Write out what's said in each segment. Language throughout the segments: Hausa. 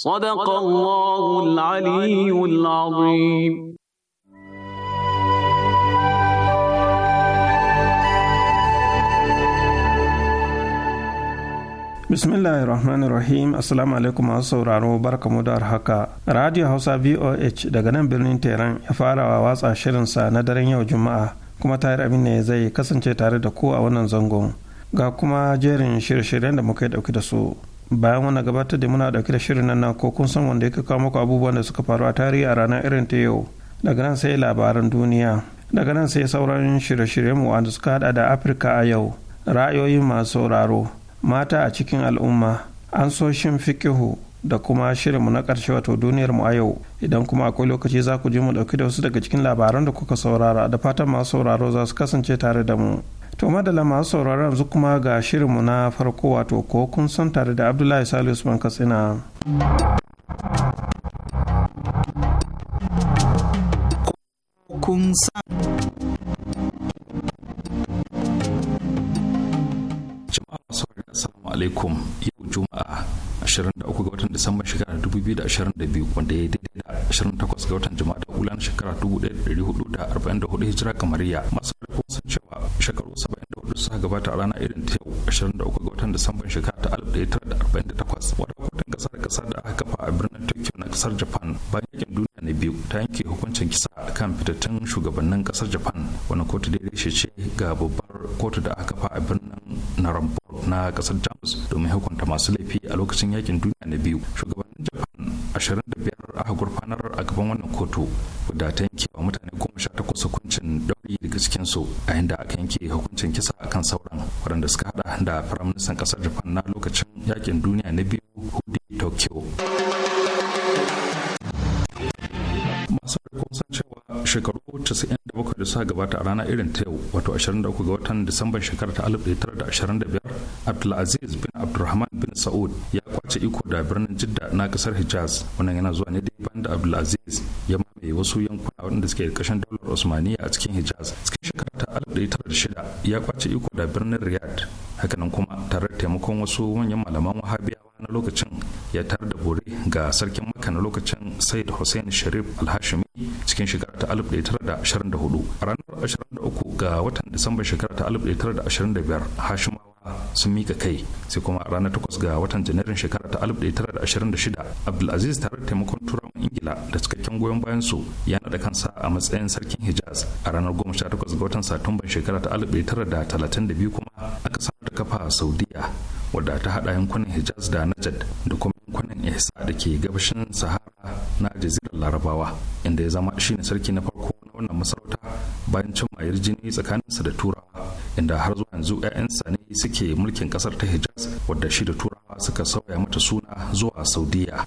صدق الله العلي العظيم bismillahir rahmanir rahim assalamu alaikum masu sauraro barkamu da haka radio hausa voh daga nan birnin tehran ya farawa watsa shirinsa na daren yau juma'a kuma tayar abin ne zai kasance tare da ku a wannan zangon ga kuma jerin shirye-shiryen da muka yi dauki da su bayan wanda gabatar da muna dauke da shirin nan na ko kun san wanda ya kawo muku abubuwan da suka faru a tarihi a ranar irin ta yau daga nan sai labaran duniya daga nan sai sauran shirye-shiryen mu wanda suka hada da afirka a yau ra'ayoyin masu sauraro mata a cikin al'umma an so shin fikihu da kuma shirin mu na karshe wato duniyar mu a yau idan kuma akwai lokaci za ku ji mu dauki da wasu daga cikin labaran da kuka saurara da fatan masu sauraro za su kasance tare da mu. to madala masu sauraron yanzu kuma ga shirinmu na farko wato ko kun san tare da abdullahi salisu usman katsina Assalamu alaikum yau juma'a 23 ga watan disamba shekarar 2022 wanda ya yi 28 ga watan da ulan shekara 1444 hijira kamariya masu rikon sun cewa shekaru 74 suka gabata a rana irin ta yau 23 ga watan disamban shekara ta 1948 wata kotun kasar da da aka kafa a birnin tokyo na kasar japan bayan yakin duniya na biyu ta yanke hukuncin kisa kan fitattun shugabannin kasar japan wani kotu daidai shi ce ga babbar kotu da aka kafa a birnin naramburg na kasar jamus domin hukunta masu laifi a lokacin yakin duniya na biyu shugabannin japan 25 aka gurfanar a gaban wannan kotu da ta yanke wa mutane goma sha takwas hukuncin ɗauri daga cikin su a yadda aka yanke hukuncin kisa akan sauran waɗanda suka hada da firaministan ƙasar japan na lokacin yakin duniya na biyu hudi tokyo masu rikon san cewa shekaru 97 da suka gabata a rana irin ta yau wato 23 ga watan disambar shekarar ta 1925 abdulaziz bin abdulrahman bin sa'ud ya kwace iko da birnin jidda na kasar hijaz wannan yana zuwa ne dai bayan da abdulaziz ya mamaye wasu yankuna waɗanda suke kashin daular usmaniya a cikin hijaz cikin shekarar ta 1906 ya kwace iko da birnin riyad. hakanan kuma tare da taimakon wasu manyan malaman wahabiyawa na lokacin ya tar da bore ga sarkin maka na lokacin said hussein sharif alhashimi cikin shekara ta 1924 a ranar 23 ga watan disamba shekara ta 1925 hashimawa sun mika kai sai kuma a ranar 8 ga watan janairun shekara ta 1926 abdulaziz tare da taimakon turawan ingila da cikakken goyon bayan su ya naɗa kansa a matsayin sarkin hijaz a ranar 18 ga watan satumban shekara ta 1932 kuma aka samu da kafa saudiya wadda ta haɗa yankunan hijaz da najad da kuma yankunan isa da ke gabashin sahara na jazirar larabawa inda ya zama shine sarki na farko na wannan masarauta bayan cin mayar jini tsakaninsa da turawa inda har zuwa yanzu 'ya'yansa ne suke mulkin kasar ta hijaz wadda shi da turawa suka sauya mata suna zuwa saudiya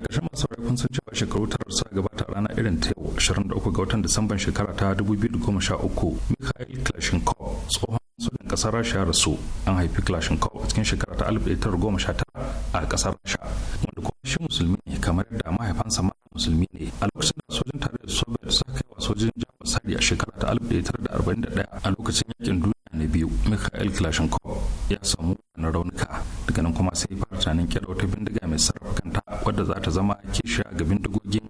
ƙarshen masu kun sun cewa shekaru tara su gabata a ranar irin ta yau 23 ga watan disamban shekara ta 2013 mikhail klashenkov tsohon sojan ƙasar rasha rasu an haifi klashenkov a cikin shekara ta 1919 a kasar rasha wanda kuma shi musulmi ne kamar yadda mahaifansa ma musulmi ne a lokacin da sojin da soviet suka kai wa sojin jamus sadi a shekara ta 1941 a lokacin yakin duniya na biyu mikhail kalashnikov ya samu na raunuka daga nan kuma sai fara tunanin kera wata bindiga mai sarrafa kanta wadda za ta zama kishiya ga bindigogin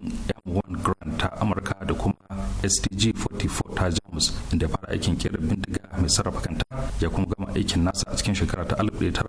m1 grand ta amurka da kuma stg 44 ta jamus inda fara aikin kera bindiga mai sarrafa kanta ya kuma gama aikin nasa a cikin shekara ta 1947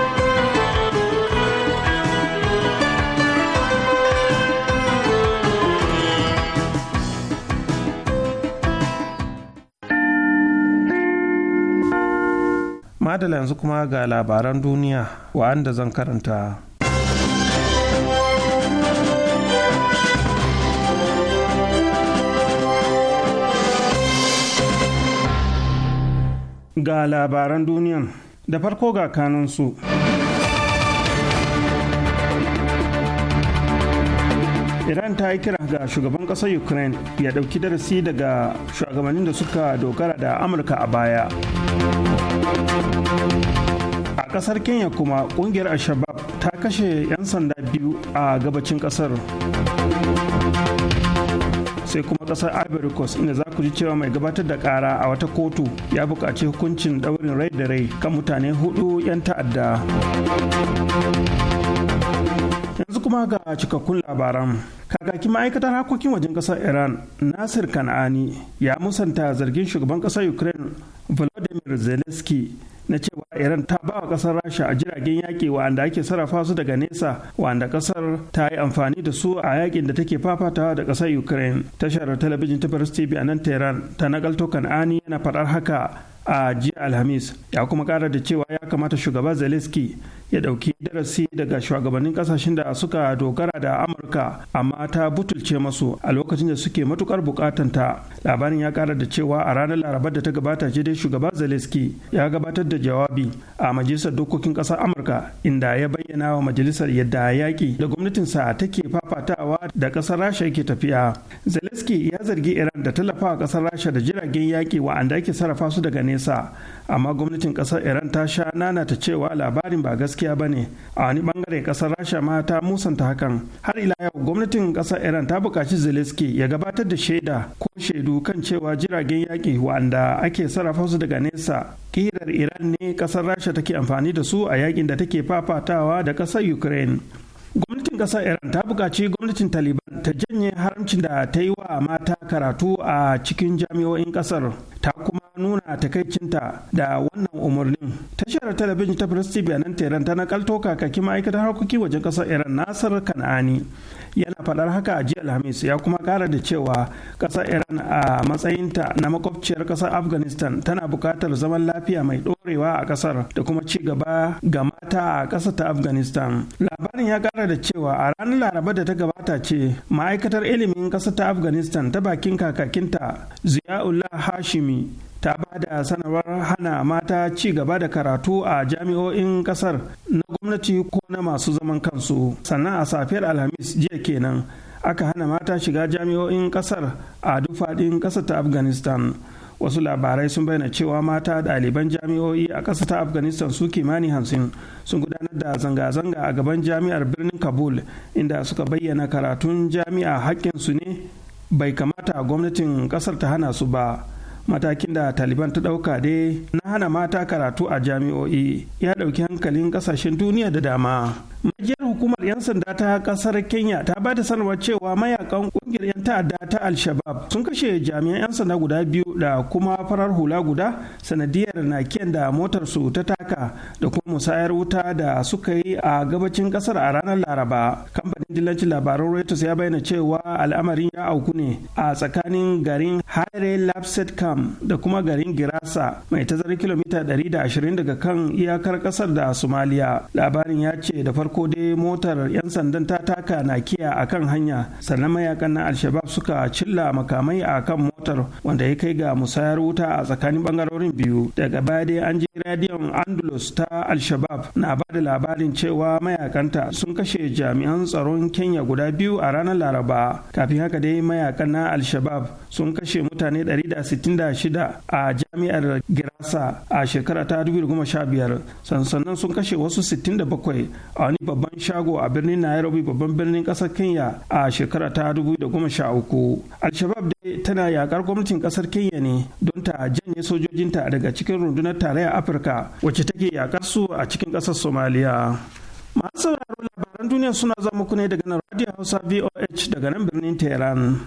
madala yanzu kuma ga labaran duniya wa'anda zan karanta ga labaran duniyan da farko ga kanunsu iran ta yi kira ga shugaban kasar ukraine ya dauki darasi daga shugabannin da suka dogara da amurka a baya kasar kenya kuma kungiyar ashabab ta kashe 'yan sanda biyu a gabacin kasar sai kuma kasar ivory inda za ku ji cewa mai gabatar da kara a wata kotu ya buƙaci hukuncin ɗaurin rai da rai kan mutane hudu 'yan ta'adda yanzu kuma ga cikakkun labaran kakaki ma'aikatar harkokin wajen ƙasar iran nasir kan'ani ya musanta zargin shugaban ƙasar ukraine volodymyr zelensky na cewa iran ta ba wa kasar rasha a jiragen yaƙi wanda ake sarrafa su daga nesa wanda kasar ta yi amfani da su a yaƙin da take fafatawa da kasar ukraine tashar talabijin ta paris tv a nan tehran ta nagalto ani yana faɗar haka a jiya alhamis ya kuma ƙara da cewa ya kamata shugaba zelensky ya ɗauki darasi daga shugabannin ƙasashen da suka dogara da amurka amma ta butulce masu a lokacin da suke matukar bukatanta labarin ya kara da cewa a ranar larabar da ta gabata ce dai shugaba zelensky ya gabatar da jawabi a majalisar dokokin ƙasar amurka inda ya bayyana wa majalisar yadda yaki da gwamnatinsa take fafatawa da ƙasar rasha yake tafiya zelensky ya zargi iran da tallafa ƙasar rasha da jiragen yaƙi wa'anda ake sarrafa su daga nesa amma gwamnatin ƙasar iran ta sha nana ta cewa labarin ba gaskiya gaskiya ba ne a wani bangare kasar rasha ma ta musanta hakan har ila yau gwamnatin kasar iran ta bukaci zelensky ya gabatar da shaida ko shaidu kan cewa jiragen yaƙi wanda ake sarrafa su daga nesa kirar iran ne kasar rasha take amfani da su a yakin da take fafatawa da kasar ukraine gwamnatin kasar iran ta bukaci gwamnatin taliban ta janye haramcin da ta yi wa mata karatu a cikin jami'o'in kasar ta kuma nuna takaicinta da wannan umarnin tashar talabijin ta press tv nan tehran ta nakalto kakakin ma'aikatar harkokin wajen kasar iran nasar kan'ani yana faɗar haka a jiya alhamis ya kuma ƙara da cewa ƙasar iran a matsayinta na makwabciyar ƙasar afghanistan tana buƙatar zaman lafiya mai ɗorewa a ƙasar da kuma ci gaba ga mata a ƙasar ta afghanistan labarin ya ƙara da cewa a ranar laraba da ta gabata ce ma'aikatar ilimin ƙasar ta afghanistan ta bakin kakakinta ziyaullah hashimi ta ba da sanarwar hana mata ci gaba da karatu a jami'o'in kasar na gwamnati ko na masu zaman kansu sannan a safiyar alhamis jiya kenan aka hana mata shiga jami'o'in kasar a duk faɗin ƙasar ta afghanistan wasu labarai sun bayyana cewa mata ɗaliban jami'o'i a ƙasar ta afghanistan su kimani hamsin sun gudanar da zanga-zanga a gaban jami'ar birnin kabul inda suka bayyana karatun jami'a haƙƙinsu ne bai kamata gwamnatin ƙasar ta hana su ba matakin da taliban ta ɗauka dai na hana mata karatu a jami'o'i ya ɗauki hankalin ƙasashen duniya da dama majiyar hukumar 'yan sanda ta kasar kenya ta ba da sanarwar cewa mayakan kungiyar 'yan ta'adda ta al-shabab sun kashe jami'an 'yan sanda guda biyu da kuma farar hula guda sanadiyar naken da motar su ta taka da kuma musayar wuta da suka yi a gabacin kasar a ranar laraba kamfanin dillancin labarun reuters ya bayyana cewa al'amarin ya auku ne a tsakanin garin haire lapset camp da kuma garin girasa mai tazarar kilomita 120 daga kan iyakar kasar da somaliya labarin ya ce da farko farko dai motar 'yan sandan ta taka nakiya a kan hanya sannan mayakan na alshabab suka cilla makamai a kan motar wanda ya kai ga musayar wuta a tsakanin bangarorin biyu daga baya dai an ji radiyon andalus ta alshabab na ba da labarin cewa mayakanta sun kashe jami'an tsaron kenya guda biyu a ranar laraba kafin haka dai mayakan na alshabab sun kashe mutane 166 a jami'ar girasa a shekara ta 2015 sannan sun kashe wasu 67 a wani babban shago a birnin Nairobi babban birnin ƙasar Kenya a shekara ta 2013. Al-Shabab dai tana yakar gwamnatin ƙasar Kenya ne don ta janye sojojinta daga cikin rundunar tarayyar Afirka wacce take yakar su a cikin ƙasar Somalia. Masu sauraron labaran duniya suna zama ku ne daga nan Radio Hausa VOH daga nan birnin Tehran.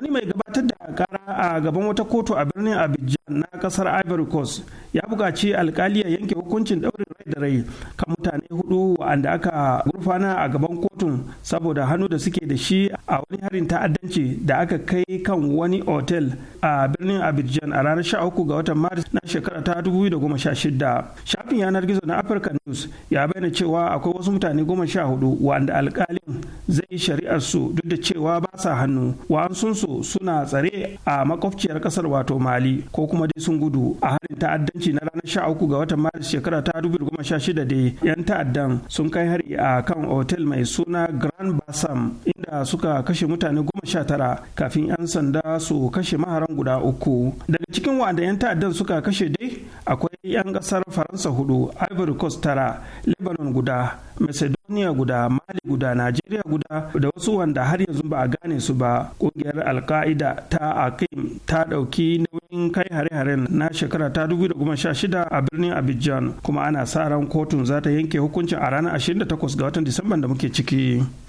wani mai gabatar da kara a gaban wata kotu a birnin abidjan na kasar ivory coast ya buƙaci alkali ya yanke hukuncin ɗaurin rai da rai kan mutane hudu wa'anda aka gurfana a gaban kotun saboda hannu da suke da shi a wani harin ta'addanci da aka kai kan wani otel a birnin abidjan a ranar 13 ga watan maris na shekara ta 2016 shafin yanar gizo na africa news ya bayyana cewa akwai wasu mutane goma sha hudu wa'anda alkalin zai shari'ar su duk da cewa ba sa hannu wa'an sun su suna tsare a makwabciyar kasar wato mali ko kuma dai sun gudu a harin ta'addanci na ranar sha uku ga watan maris shekara ta sha goma shida da yan ta'addan sun kai hari a kan otel mai suna grand basam inda suka kashe mutane goma sha tara kafin yan sanda su kashe maharan guda uku daga cikin wanda yan ta'addan suka kashe dai akwai yan kasar faransa hudu ivory coast tara lebanon guda macedonia guda mali guda nigeria guda da wasu wanda har yanzu ba a gane su ba kungiyar alka'ida ta akim ta dauki nauyin kai hare-haren na shekara ta 2016 a birnin abidjan kuma ana sa ran kotun za ta yanke hukuncin a ranar 28 ga watan disamba da muke ciki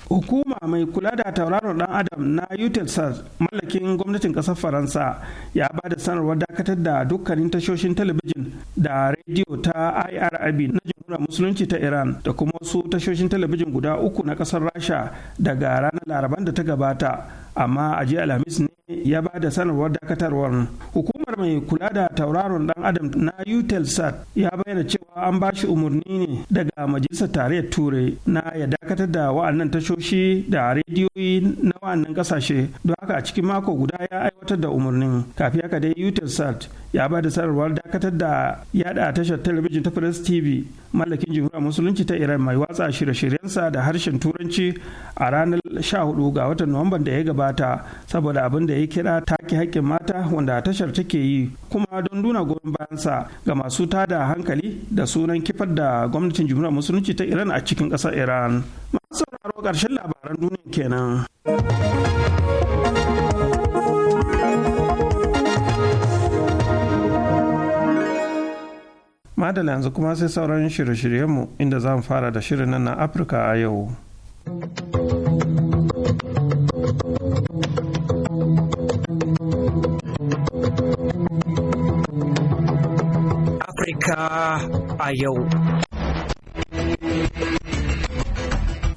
hukuma mai kula da tauraron dan adam na utelsat mallakin gwamnatin kasar faransa ya ba da sanarwar dakatar da dukkanin tashoshin talabijin da rediyo ta irib na jamhuriyar musulunci ta iran da kuma wasu tashoshin talabijin guda uku na kasar rasha daga ranar laraban da ta gabata amma a jiya alhamis ne ya ba da sanarwar dakatarwar hukumar mai kula da tauraron dan adam na utelsat ya bayyana cewa an ba shi umarni ne daga majalisar tarayyar turai na ya dakatar da wa'annan tashoshi da rediyoyi na wa'annan kasashe don haka a cikin mako guda ya aiwatar da umarnin kafin haka dai utelsat ya ba da sanarwar dakatar da yada tashar talabijin ta press tv mallakin jimhuriyar musulunci ta iran mai watsa shirye-shiryensa da harshen turanci a ranar 14 ga watan nuwamban da ya gabata saboda abin da ya kira take haƙƙin mata wanda tashar take suke yi kuma don nuna goyon bayansa ga masu tada hankali da sunan kifar da gwamnatin jumhuriyar musulunci ta iran a cikin ƙasar iran masu sauraro ƙarshen labaran duniya kenan madala yanzu kuma sai sauran shirye-shiryenmu inda za mu fara da shirin nan na afirka a yau Afirka a yau.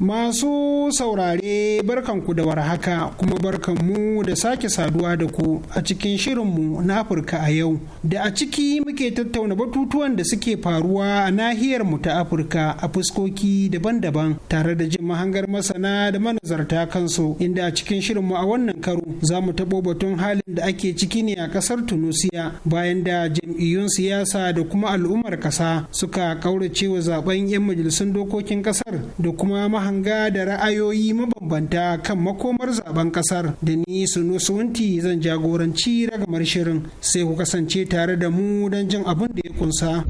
Masu saurare barkan ku da warhaka kuma barkanmu da sake saduwa da ku a cikin shirinmu na Afirka a yau. Da a ciki muke tattauna batutuwan da suke faruwa a nahiyar mu ta Afirka a fuskoki daban-daban tare da jin mahangar masana da manazarta kansu inda a cikin shirinmu a wannan karo za mu taɓo batun halin da ake ciki ne a kasar Tunusiya bayan da jam'iyyun siyasa da kuma al'ummar ƙasa suka kaurace wa zaben 'yan majalisun dokokin ƙasar da kuma hanga da ra'ayoyi mabambanta kan makomar zaben kasar da ni sunu suwanti zan jagoranci ragamar shirin sai ku kasance tare da mu don jin abin da ya kunsa.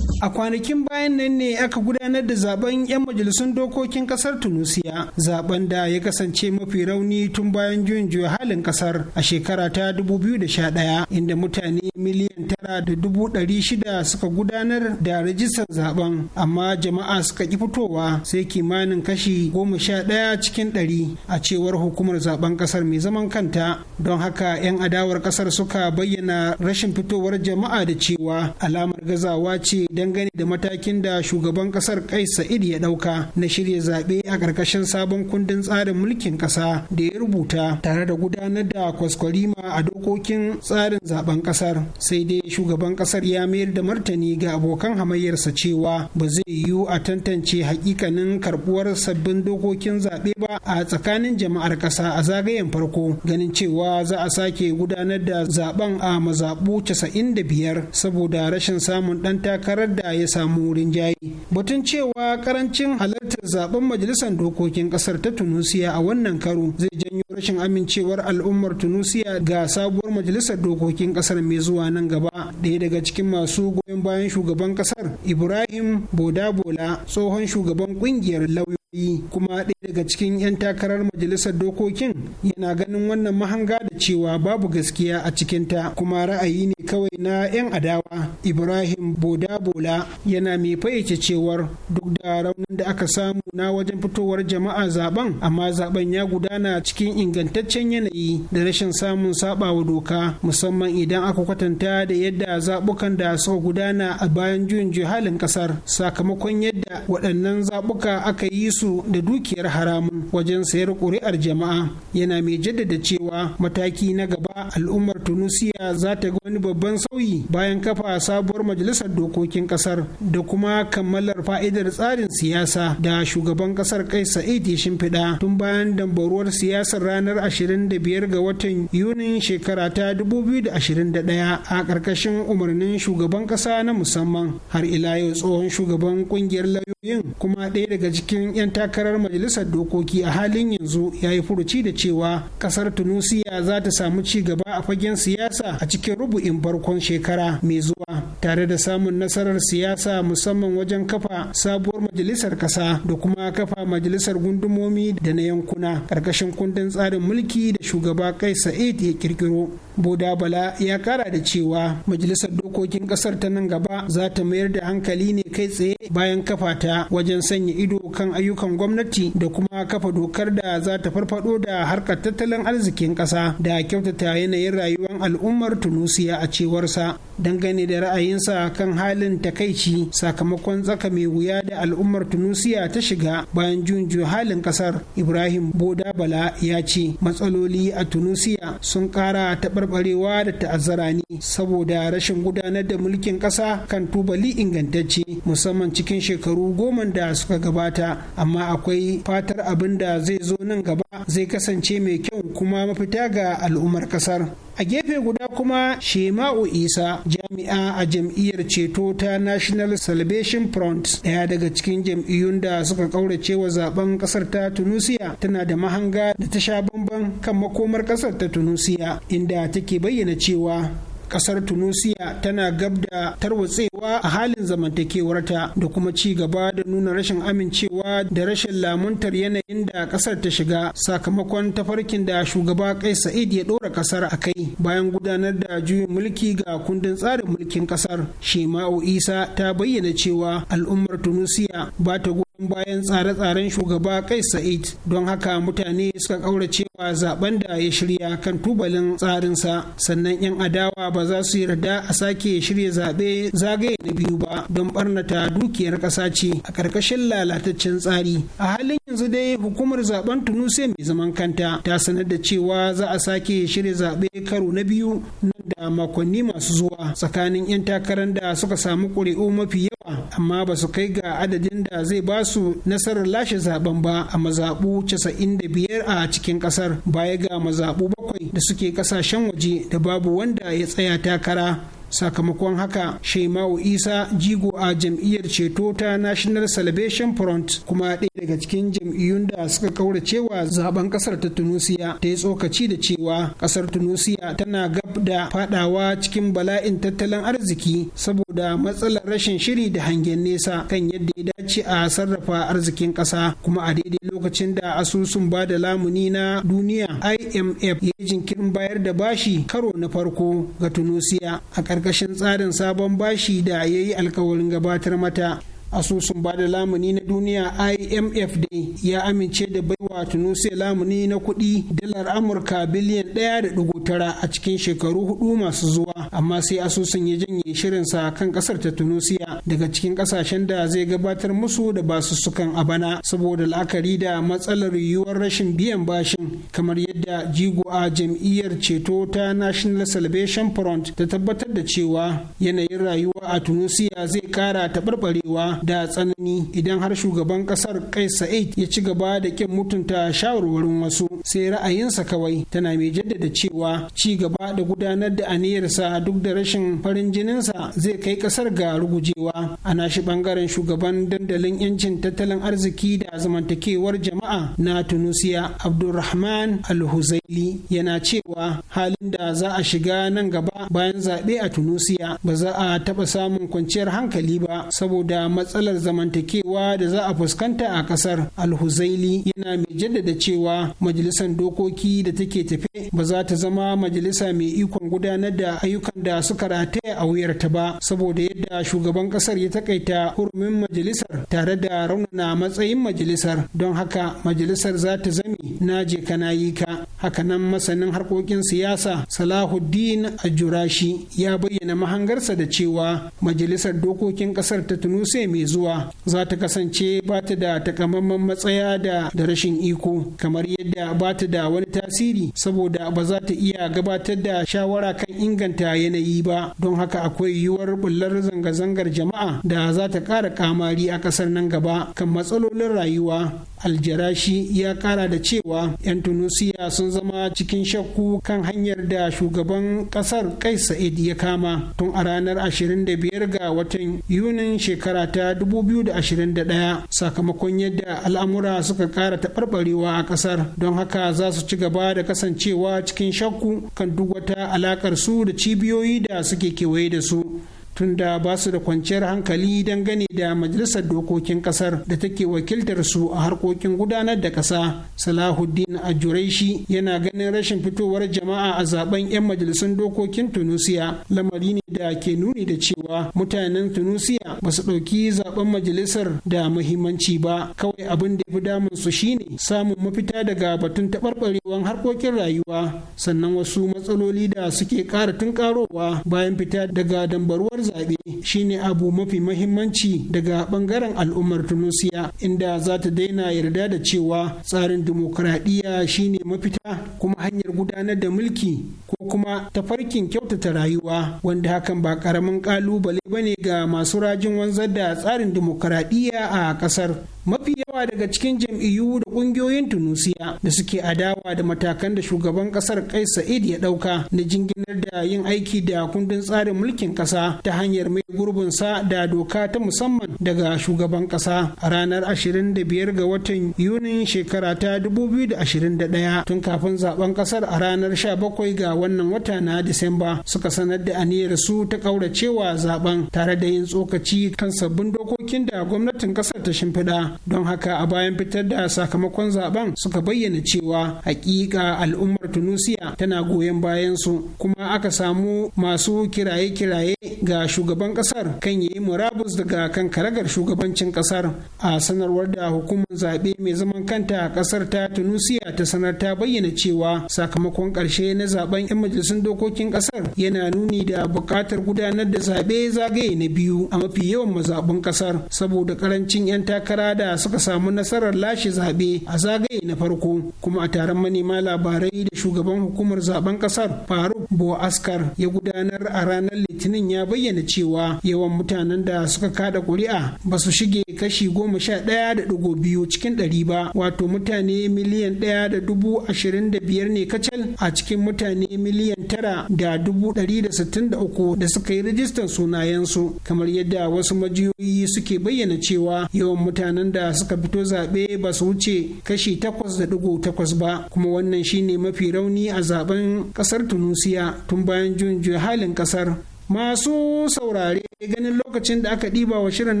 a kwanakin bayan nan ne aka gudanar da zaben 'yan majalisun dokokin kasar tunisia zaben da ya kasance mafi rauni tun bayan juyin juya halin kasar a shekara ta 2011 inda mutane miliyan tara da dubu ɗari shida suka gudanar da rajistar zaben amma jama'a suka ki fitowa sai kimanin kashi goma sha ɗaya cikin ɗari a cewar hukumar zaben kasar mai zaman kanta don haka 'yan adawar kasar suka bayyana rashin fitowar jama'a da cewa alamar gazawa ce don dangane da matakin da shugaban kasar kai Sa'id ya dauka na shirya zaɓe a ƙarƙashin sabon kundin tsarin mulkin ƙasa da ya rubuta tare da gudanar da kwaskwarima a dokokin tsarin zaben ƙasar sai dai shugaban ƙasar ya mayar da martani ga abokan hamayyarsa cewa ba zai yiwu a tantance hakikanin karbuwar sabbin dokokin zaɓe ba a tsakanin jama'ar ƙasa a zagayen farko ganin cewa za a sake gudanar da zaben a mazaɓu 95 saboda rashin samun ɗan takarar da ya samu wurin jayi batun cewa karancin halartar zaben majalisar dokokin kasar ta tunusiya a wannan karo zai janyo rashin amincewar al'ummar tunusiya ga sabuwar majalisar dokokin kasar mai zuwa nan gaba daya daga cikin masu goyon bayan shugaban kasar ibrahim bodabola tsohon shugaban kungiyar lauyoyi E, kuma ɗaya daga cikin 'yan takarar majalisar dokokin yana ganin wannan mahanga da cewa babu gaskiya a cikinta kuma ra'ayi ne kawai na 'yan adawa ibrahim boda bola yana mai fayyace cewar duk da raunin da aka samu na wajen fitowar jama'a zaben amma zaben ya gudana cikin ingantaccen yanayi da rashin samun sabawa doka musamman idan aka kwatanta da yadda zabukan da suka gudana a bayan juyin juhalin kasar sakamakon yadda waɗannan zabuka aka yi su su da dukiyar haramun wajen sayar ƙuri'ar jama'a yana mai jaddada cewa mataki na gaba al'ummar tunisia za ta ga wani babban sauyi bayan kafa sabuwar majalisar dokokin kasar da kuma kammalar fa'idar tsarin siyasa da shugaban kasar kai sa'id ya shimfiɗa tun bayan dambaruwar siyasar ranar 25 ga watan yunin shekara ta 2021 a ƙarƙashin umarnin shugaban ƙasa na musamman har ila yau tsohon shugaban ƙungiyar lauyoyin kuma ɗaya daga cikin 'yan wajen takarar majalisar dokoki a halin yanzu ya yi furuci da cewa kasar tunisia za ta samu ci gaba a fagen siyasa a cikin rubu'in barkon shekara mai zuwa tare da samun nasarar siyasa musamman wajen kafa sabuwar majalisar kasa da kuma kafa majalisar gundumomi da na yankuna ƙarƙashin kundin tsarin mulki da shugaba kai sa'id ya kirkiro Boda Bala ya kara da cewa Majalisar Dokokin ƙasar ta nan gaba za ta mayar da hankali ne kai tsaye bayan kafa ta wajen sanya ido kan ayyukan gwamnati da kuma kafa dokar da za ta farfado da harkar tattalin arzikin ƙasa da kyautata yanayin rayuwar al'ummar Tunusiya a cewarsa dangane da ra'ayinsa kan halin takaici sakamakon tsaka mai wuya da al'ummar Tunusiya ta shiga bayan junju halin ƙasar Ibrahim Boda Bala ya ce matsaloli a Tunusiya sun ƙara taɓar taɓarɓarewa da ta'azzara ne saboda rashin gudanar da mulkin ƙasa kan tubali ingantacce musamman cikin shekaru goma da suka gabata amma akwai fatar abin da zai zo nan gaba zai kasance mai kyau kuma mafita ga al'ummar ƙasar a gefe guda kuma shema'u isa jami'a a jam'iyyar ceto ta national salvation front daya daga cikin jam'iyyun da suka kaurace wa zaben kasar ta tunisia tana da mahanga da ta sha bamban kan makomar kasar ta tunisia inda take bayyana cewa kasar tunisia tana gab da tarwatsewa a halin zamantakewarta da kuma ci gaba da nuna rashin amincewa da rashin lamuntar yanayin da kasar ta shiga sakamakon tafarkin da shugaba kai sa'id ya dora kasar a kai bayan gudanar da juyin mulki ga kundin tsarin mulkin kasar shema'u isa ta bayyana cewa al'ummar tunisia ba ta bayan tsare-tsaren shugaba kai sa'id don haka mutane suka cewa zaben da ya shirya kan tubalin tsarinsa sannan 'yan adawa ba za su yarda a sake shirya zaɓe zagaye na biyu ba don barnata dukiyar ƙasa ce a ƙarƙashin lalataccen tsari a halin yanzu dai hukumar zaben tunisia mai zaman kanta ta sanar da cewa za a sake shirya zaɓe karo na biyu nan da makonni masu zuwa tsakanin 'yan takarar da suka samu ƙuri'u mafi yawa amma ba su kai ga adadin da zai ba su nasarar lashe zaben ba a mazaɓu 95 a cikin ƙasar baya ga mazaɓu bakwai da suke ƙasashen waje da babu wanda ya tsaya takara sakamakon haka shaimau isa jigo a jam'iyyar ceto ta national salvation front kuma ɗaya daga cikin jam'iyyun da suka kauracewa zaben ƙasar ta tunisia ta yi tsokaci da cewa ƙasar tunisia tana gab da fadawa cikin bala'in tattalin arziki saboda matsalar rashin shiri da hangen nesa kan yadda ya dace a sarrafa arzikin ƙasa kuma a daidai lokacin da asusun ba da lamuni na duniya imf ya jinkirin bayar da bashi karo na farko ga tunisia a ƙarƙashin tsarin sabon bashi da ya yi alkawarin gabatar mata asusun ba da lamuni na duniya imf da ya amince da baiwa tunisia lamuni na kuɗi dalar amurka biliyan ɗaya da ɗigo tara a cikin shekaru hudu masu zuwa amma sai asusun ya janye shirinsa kan ƙasar ta tunisia daga cikin ƙasashen da zai gabatar musu da basu sukan a bana saboda la'akari da matsalar yiwuwar rashin biyan bashin kamar yadda jigo a jam'iyyar ceto ta national salvation front ta tabbatar da cewa yanayin rayuwa a tunisia zai kara taɓarɓarewa da tsanani idan har shugaban kasar kai sa'id ya ci gaba da kin mutunta shawarwarin wasu sai ra'ayinsa kawai tana mai jaddada cewa ci gaba da gudanar da aniyarsa duk da rashin farin jininsa zai kai kasar ga rugujewa a nashi bangaren shugaban dandalin yancin tattalin arziki da zamantakewar jama'a na tunusiya abdulrahman alhuzaili yana cewa halin da za a shiga nan gaba bayan zaɓe a tunusiya ba za a taɓa samun kwanciyar hankali ba saboda matsalar zamantakewa da za a fuskanta a kasar alhuzaili yana mai jaddada cewa majalisar dokoki da take tafe ba za ta zama majalisa mai ikon gudanar da ayyukan da suka rataya a wuyarta ba saboda yadda shugaban kasar ya takaita hurumin majalisar tare da raunana matsayin majalisar don haka majalisar za ta zame na je kana yi ka hakanan masanin harkokin siyasa salahuddin ajurashi ya bayyana mahangarsa da cewa majalisar dokokin kasar ta tunisia mai zuwa za ta kasance ba ta da takamaiman matsaya da da rashin iko kamar yadda ba ta da wani tasiri saboda ba za ta iya gabatar da shawara kan inganta yanayi ba don haka akwai yiwuwar bullar zanga-zangar jama'a da za ta ƙara kamari a ƙasar nan gaba kan matsalolin rayuwa aljarashi ya kara da cewa 'yan tunisia sun zama cikin shakku kan hanyar da shugaban kasar kai sa'id ya kama tun a ranar 25 ga watan yunin shekara ta 2021 sakamakon yadda al'amura suka kara taɓarɓarewa a kasar don haka za su ci gaba da kasancewa cikin shakku kan duk wata alakar su da cibiyoyi da suke kewaye da su tunda ba su da kwanciyar hankali dangane da majalisar dokokin kasar da take wakiltar su a harkokin gudanar da kasa salahuddin ajureishi yana ganin rashin fitowar jama'a a zaben 'yan majalisun dokokin tunusiya lamari ne da ke nuni da cewa mutanen tunusiya ba su ɗauki zaben majalisar da muhimmanci ba kawai abin da fi damun su shine samun mafita daga batun taɓarɓarewar harkokin rayuwa sannan wasu matsaloli da suke ƙara tunkarowa bayan fita daga dambaruwar zaɓe shine abu mafi mahimmanci daga ɓangaren al'ummar Tunusiya inda za ta daina yarda da cewa tsarin dimokuraɗiyya shine mafita kuma hanyar gudanar da mulki ko kuma tafarkin kyautata rayuwa wanda hakan ba ƙaramin ƙalubale bane ga masu rajin wanzar da tsarin dimokuraɗiyya a ƙasar. mafi yawa daga cikin jam'iyyu da kungiyoyin tunusiya da suke adawa da matakan da shugaban kasar kai sa'id ya dauka na jinginar da yin aiki da kundin tsarin mulkin kasa ta hanyar mai gurbin sa da doka ta musamman daga shugaban kasa a ranar 25 ga watan Yuni shekara ta 2021 tun kafin zaben kasar a ranar 17 ga wannan wata na disamba suka sanar da aniyar su ta ƙauracewa zaben tare da yin tsokaci kan sabbin dokokin da gwamnatin kasar ta shimfiɗa don haka a bayan fitar da sakamakon zaben suka bayyana cewa hakika al'ummar tunisia tana goyon bayan su kuma aka samu masu kiraye-kiraye ga shugaban kasar kan yi murabus daga kan karagar shugabancin kasar a sanarwar da hukumar zaɓe mai zaman kanta a kasar ta tunisia ta sanar ta bayyana cewa sakamakon ƙarshe na zaben 'yan majalisun dokokin kasar yana nuni da buƙatar gudanar da zaɓe zagaye na biyu a mafi yawan mazaɓun kasar saboda ƙarancin 'yan takara da da suka samu nasarar lashe zaɓe a zagaye na farko kuma a taron manema labarai da shugaban hukumar zaben ƙasar faruk bo askar ya gudanar a ranar litinin ya bayyana cewa yawan mutanen da suka kada kuri'a ba su shige kashi goma sha ɗaya da ɗigo biyu cikin ɗari ba wato mutane miliyan ɗaya da dubu ashirin da biyar ne kacal a cikin mutane miliyan tara da dubu ɗari da sittin da uku da suka yi rijistar sunayensu kamar yadda wasu majiyoyi suke bayyana cewa yawan mutanen waɗanda suka fito zaɓe ba su wuce kashi takwas da takwas ba kuma wannan shine mafi rauni a zaben ƙasar tunusiya tun bayan juyin halin ƙasar masu saurare ganin lokacin da aka ɗiba wa shirin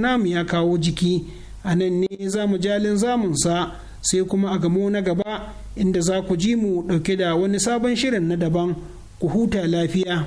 namu ya kawo jiki a nan ne za mu jalin zamunsa sai kuma a gamo na gaba inda za ku ji mu ɗauke da wani sabon shirin na daban ku huta lafiya.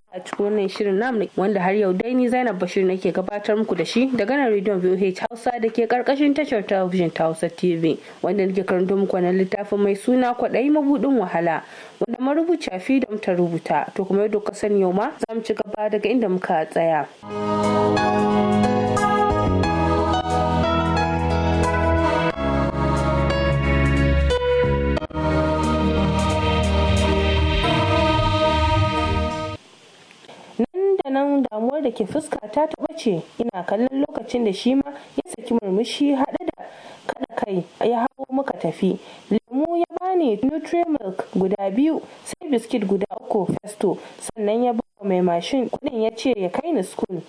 wannan shirin namu wanda har yau dai ni Zainab Bashir nake gabatar muku da shi daga nan rediyon VOH Hausa da ke karkashin tashar talabijin ta Hausa TV wanda nake karanto muku wannan littafin mai suna kwaɗayi mabudin wahala wanda fi mu ta rubuta to kuma yadda ka sani yau ma za mu ci gaba daga inda muka tsaya. nan damuwar da ke fuska ta taɓa ce ina kallon lokacin da shi ma ya saki murmushi haɗe da kada kai ya hawo muka tafi lemu ya bani milk guda biyu sai biskit guda uku festo sannan ya bawa mai mashin kuɗin ya ce ya kai ni school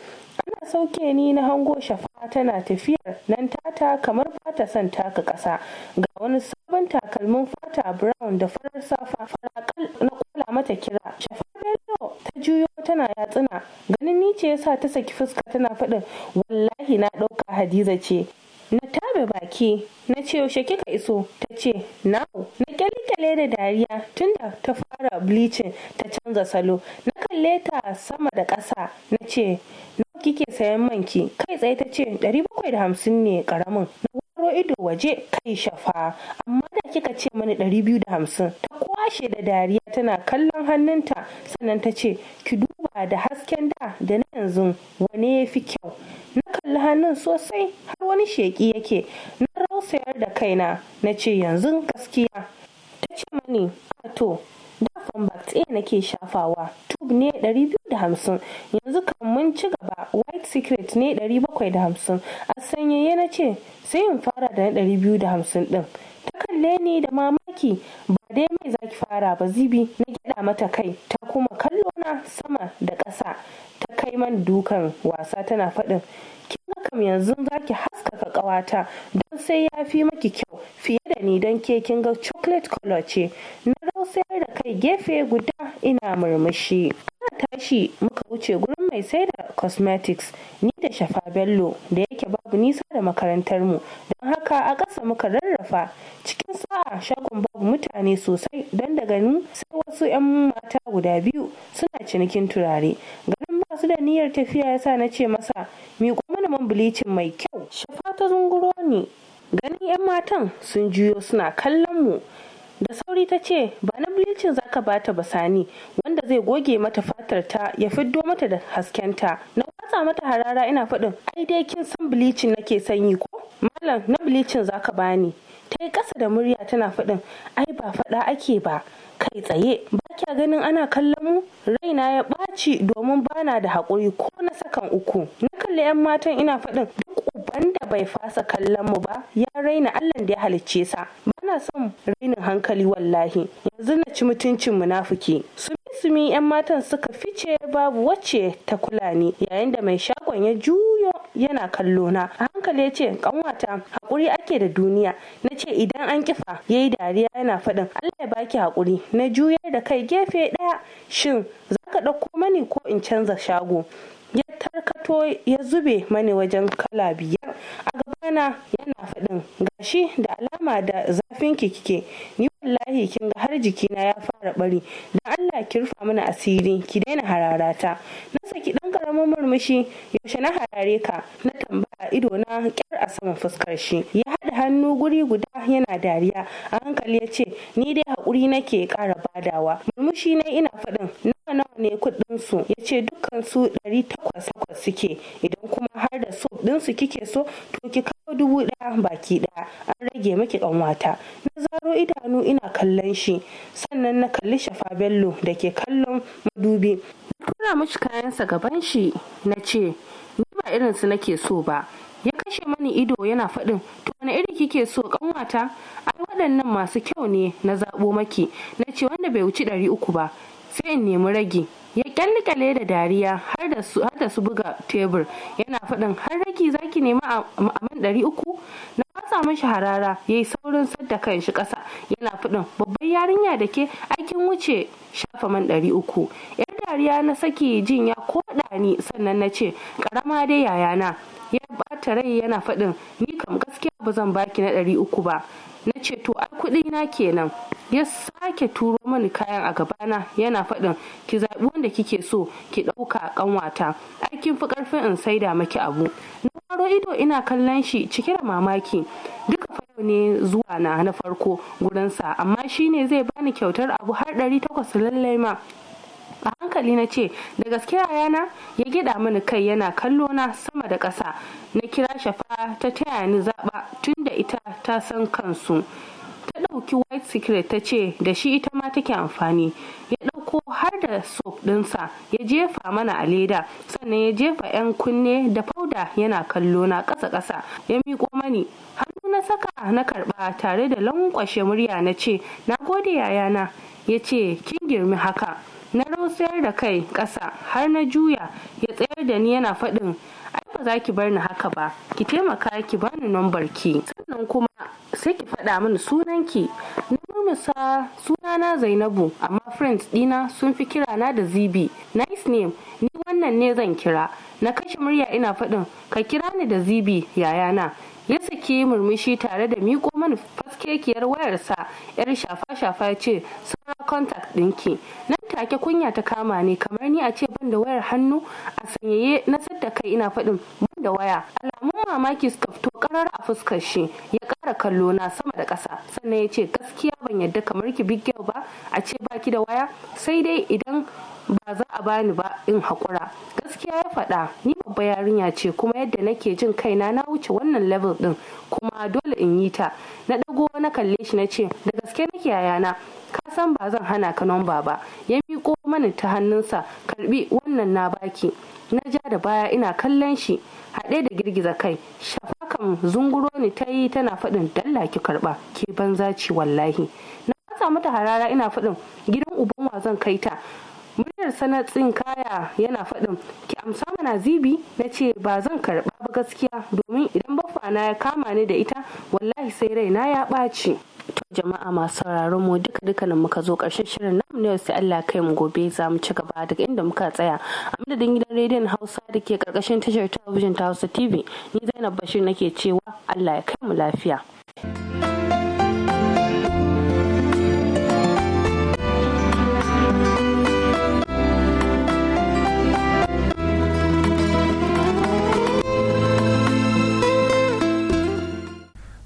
ana sauke ni na hango shafa tana tafiyar nan tata kamar fata son taka ƙasa ga wani sabon takalmin fata brown da farar safa farakal na kwala mata kira shafa Yau ta juyo tana yatsuna ganin ni ce yasa ta saki fuska tana faɗin wallahi na ɗauka Hadiza ce. Na tabe baki na ce yaushe kika iso ta ce na na kyale-kyale da dariya tunda ta fara bleaching ta canza salo na kalle ta sama da ƙasa na ce kike sayan manki kai tsaye ta ce 750 ne karamin zaro ido waje kai shafa amma da kika ce mani ɗari biyu da hamsin ta kwashe da dariya tana kallon hannunta sannan ta ce ki duba da hasken da da na yanzu wane ya fi kyau na kalli hannun sosai har wani sheƙi yake na rausayar da kaina na ce yanzu gaskiya ta ce mani ato. da Combat A nake shafawa tube ne 250 yanzu kan mun ci gaba White Secret ne 750 a sanyaye na ce sai in fara da na 250 din ta kalle ni da mamaki ba dai mai zaki fara ba zibi na gyada mata kai ta kuma kallo na sama da ƙasa ta kai man dukan wasa tana faɗin kin ga kam yanzu zaki haskaka ƙawata don sai ya fi maki kyau fiye da ni don ke kin ga chocolate color ce na sayar da kai gefe guda ina murmushi na tashi muka wuce gurin mai sai da cosmetics ni da shafa bello da yake babu nisa da makarantar mu don haka a ƙasa muka rarrafa cikin sa'a shagon babu mutane sosai don da ganin sai wasu 'yan mata guda biyu suna cinikin turare ganin ba su da niyyar tafiya ya sa na ce masa miƙo mana man bilicin mai kyau shafa ta zunguro ne ganin 'yan matan sun juyo suna kallon mu da sauri ta ce ba na bilicin zaka bata basani wanda zai goge mata fatar ta ya fiddo mata da haskenta na watsa mata harara ina faɗin ai dai kin san bilicin nake sanyi ko malam na bilicin za zaka bani ta yi ƙasa da murya tana faɗin ai ba faɗa ake ba kai tsaye ba kya ganin ana kallon mu raina ya ɓaci domin bana da haƙuri ko na sakan uku na kalli 'yan matan ina faɗin duk uban da bai fasa kallon mu ba ya raina allah da ya halicce sa Ina son rainin hankali wallahi yanzu na ci mutuncin munafuki sumi sumi yan matan suka fice babu wacce ta kula ni yayin da mai shagon ya juyo yana kallo na a hankali ya ce kanwata hakuri ake da duniya na ce idan an kifa ya yi dariya yana faɗin Allah ya baki hakuri na juyar da kai gefe ɗaya shin za ka ɗauko mani ko in canza shago ya tarkato ya zube mani wajen kala biyar a gabana yana faɗin gashi da alama da zafin kike ni wallahi kin ga har jikina ya fara bari dan Allah ki rufa mana asiri ki daina hararata na saki dan karamin murmushi yaushe na harare ka na tambaya ido na kyar a saman fuskar shi ya haɗa hannu guri guda yana dariya a hankali ya ce ni dai haƙuri nake ƙara badawa murmushi na ina faɗin na liquid ɗinsu ya ce dukkan su ɗari takwas takwas suke idan kuma har da so ɗinsu kike so to ki kawo dubu ɗaya baki ɗaya an rage maki ƙanwata na zaro idanu ina kallon shi sannan na kalli shafa bello da ke kallon madubi na tura mashi kayansa gaban shi na ce ni ba irinsu nake so ba ya kashe mani ido yana faɗin to wani iri kike so ƙanwata ai waɗannan masu kyau ne na zaɓo maki na ce wanda bai wuci ɗari uku ba sai in nemi ragi ya kyallikale da dariya har da su buga tebur yana faɗin har ragi zaki nemi a man ɗari uku na fasa mashi harara ya yi saurin sadda kan shi ƙasa yana faɗin babban yarinya da ke aikin wuce shafa man ɗari uku yar dariya na saki jin ya koɗa ni sannan na ce ƙarama dai yayana ya ɓata rai yana faɗin ni kam gaskiya ba zan baki na ɗari uku ba na ce to ai kuɗi na kenan ya sake turo mani kayan a gabana yana faɗin ki zaɓi wanda kike so ki ɗauka a ƙanwata ai kin fi ƙarfin in saida maki abu na waro ido ina kallon shi cike da mamaki duka fayo ne zuwa na na farko gurinsa amma shine zai bani kyautar abu har ɗari takwas lallai ma a hankali na ce da gaske yana ya gida mini kai yana kallo na sama da ƙasa na kira shafa ta taya ni zaɓa tun da ita ta san kansu ta ɗauki white secret ta ce da shi ita ma take amfani ya ɗauko har da soap ɗinsa ya jefa mana a leda sannan ya jefa 'yan kunne da fauda yana kallo na ƙasa-ƙasa ya miƙo mani hannu na saka na karɓa tare da lankwashe murya na ce na gode yayana ya ce kin girmi haka na rausayar da kai ƙasa har na juya ya tsayar da ni yana faɗin ai ba za ki bar ni haka ba ki taimaka ki bani nambar ki sannan kuma sai ki faɗa mini sunanki na murmusa sunana zainabu amma friends ɗina sun fi kirana da zibi nice name ni wannan ne zan kira na kashe murya ina faɗin ka kira ni da zibi yayana ya saki murmushi tare da miko mani faskekiyar wayarsa yar shafa-shafa ce saura kontak ki!' nan take kunya ta kama ne kamar ni a ce ban da wayar hannu a sanyaye na sadda kai ina faɗin ban da waya alamun mamaki suka fito karar a fuskar shi ya ƙara kallo na sama da ƙasa sannan ya ce gaskiya ban yadda kamar ki big ba a ce baki da waya sai dai idan ba za a bani ba in haƙura gaskiya ya faɗa ni babba yarinya ce kuma yadda nake jin kaina na wuce wannan level ɗin kuma dole in yi ta na ɗago na kalle shi na ce da gaske nake yayana ka san ba zan hana ka nomba ba ya miƙo mani ta hannunsa karbi wannan na baki na ja da baya ina kallon shi haɗe da girgiza kai shafakan zunguro ni ta yi tana faɗin dalla ki karɓa ke banza ci wallahi na mata harara ina faɗin gidan uban wa zan kai ta muryar sana kaya yana faɗin ki amsa mana zibi na ce ba zan karɓa ba gaskiya domin idan na ya kama ni da ita wallahi sai raina ya ɓaci to jama'a masu sauraron mu duka duka nan muka zo ƙarshen shirin namu ne sai Allah kai mu gobe za mu ci gaba daga inda muka tsaya a madadin gidan rediyon Hausa da ke karkashin tashar talabijin ta Hausa TV ni Zainab Bashir nake cewa Allah ya kai mu lafiya. thank you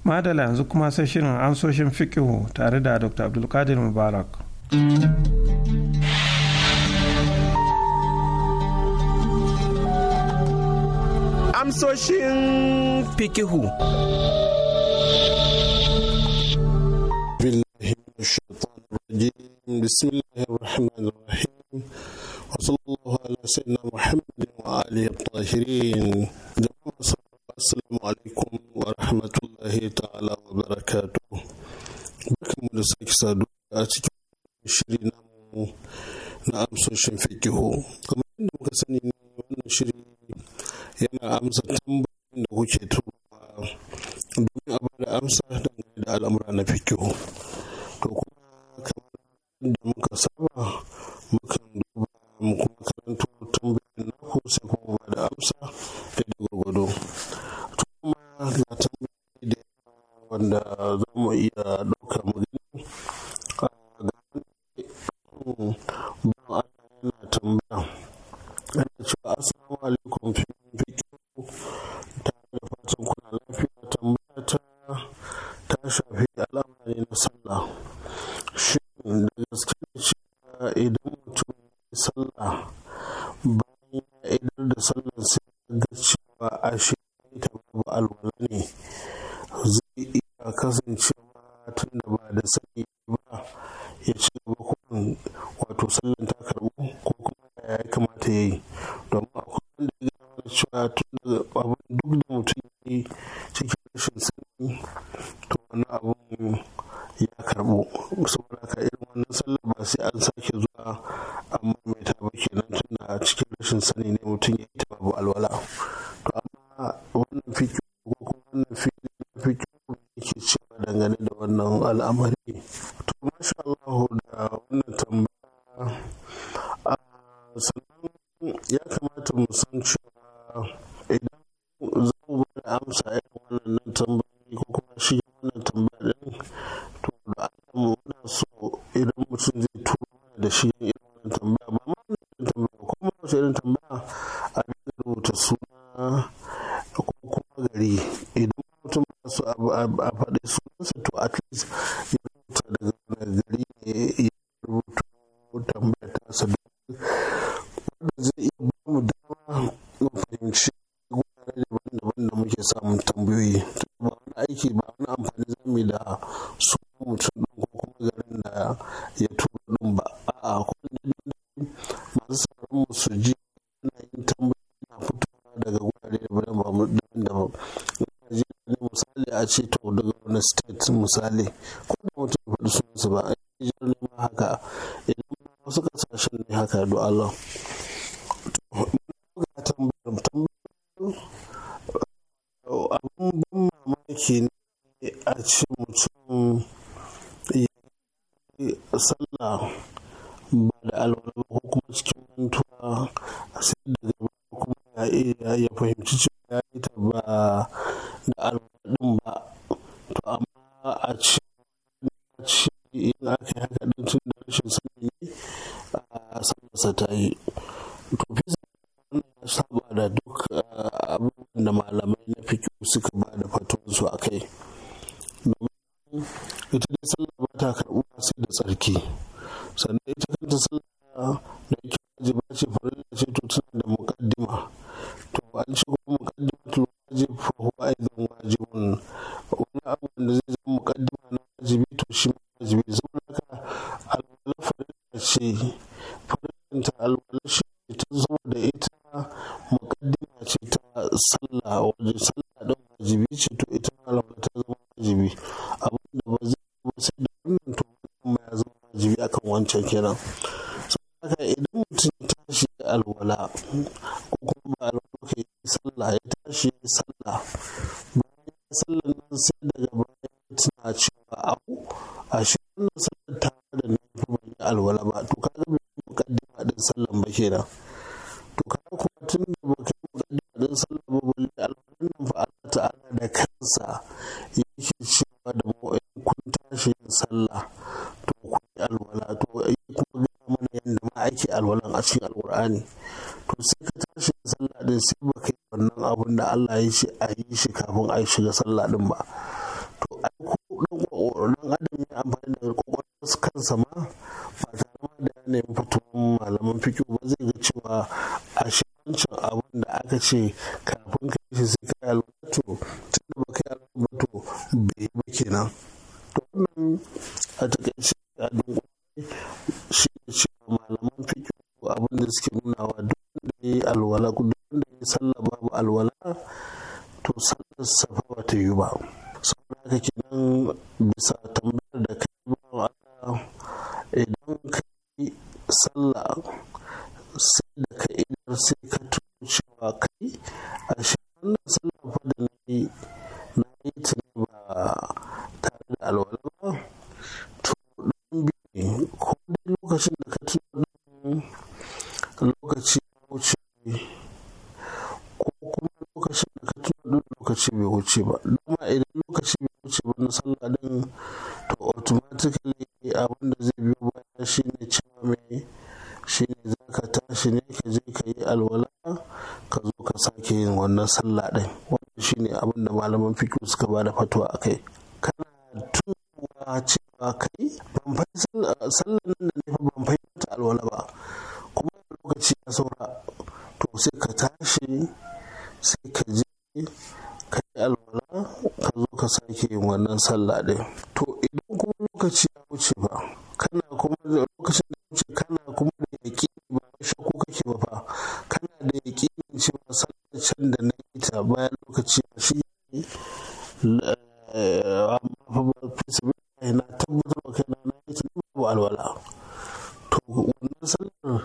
madala yanzu kuma sai shirin ansoshin fikihu tare da dr abdulkadir mubarak amsoshin fikihu بسم الله الرحمن الرحيم وصلى الله على سيدنا محمد وآله الطاهرين السلام عليكم ورحمة rahmatullahi ta'ala wa barakatu barkanmu da sake saduwa a cikin shiri namu na amsoshin fikihu kamar yadda muka sani ne wannan shiri yana amsa tambayoyin da kuke turowa domin a bada amsa dangane da al'amura na fikihu to kuma kamar da muka saba mukan duba mu kuma karanto tambayoyin naku sai kuma bada amsa da gwargwado to kuma ga tambayoyin da wanda za mu iya ɗauka mu gani a gaban ban yana tambaya yana cewa assalamu alaikum fikiru tare da fatan kuna lafiya tambaya ta ta shafi al'amari na sallah shi da gaske cewa idan mutum sallah bayan ya idar da sallar sai rashin sani ne mutum ya yi ta babu alwala to amma wannan fikin ko kuma wannan fiki ke cewa dangane da wannan al'amari misali wancan kenan haka idan mutum ya tashi alwala ko kuma ba alwala ya yi sallah ya tashi ya sallah bayan sallah nan sai daga baya tana cewa abu a shi wannan sallah ta da na fi ban yi alwala ba to ka ga bai mukaddima din sallan ba kenan to ka ga kuma tun da ba kai mukaddima din sallah ba balle alwalan nan fa Allah ta'ala da kansa yake cewa da mu'ayyukun kun tashi yin sallah to ku yi alwala to yadda ma ake alwalan a cikin alkur'ani to sai ka tashi sallah din sai ba kai wannan abun da Allah ya shi a yi shi kafin a shiga sallah din ba to ai ko dan dan adam ya amfani da kokorin kansa ma ba tare ma da nemi fitowar malaman fiqh ba zai ga cewa a wancan abun da aka ce kafin ka yi shi sai ka alwato tun da tunda ba yi ba bai ba kenan to wannan a takaice a dunkule shi ne malaman ko abin da suke nunawa duk da ya yi alwala duk da ya sallah babu alwala to sallar safa ba ta yi ba aka haka kenan bisa tambayar da kai bawan Allah idan ka yi sallah sai da ka idar sai ka tuno cewa kai a shi wannan sallah wuce ba dama idan lokaci bai wuce ba na sallah din to automatically abin da zai biyo baya shine cewa mai shine za ka tashi ne ka je ka yi alwala ka zo ka sake yin wannan sallah din wannan shine abin da malaman fiqh suka ba da fatwa akai kana tuwa cewa kai ban nan da ne ban fai ta alwala ba kuma lokaci ya saura to sai ka tashi sai ka je ka zo ka sake yin wannan sallah ɗin to idan kuma lokaci ya wuce ba kana kuma da lokacin da wuce kana kuma da yaƙi ba shakku kake ba fa kana da yaƙi cewa sallar can da na yi ta bayan lokaci ya shi amma fa ba fi na tabbatar da kaina na yi ta ba alwala to wannan sallar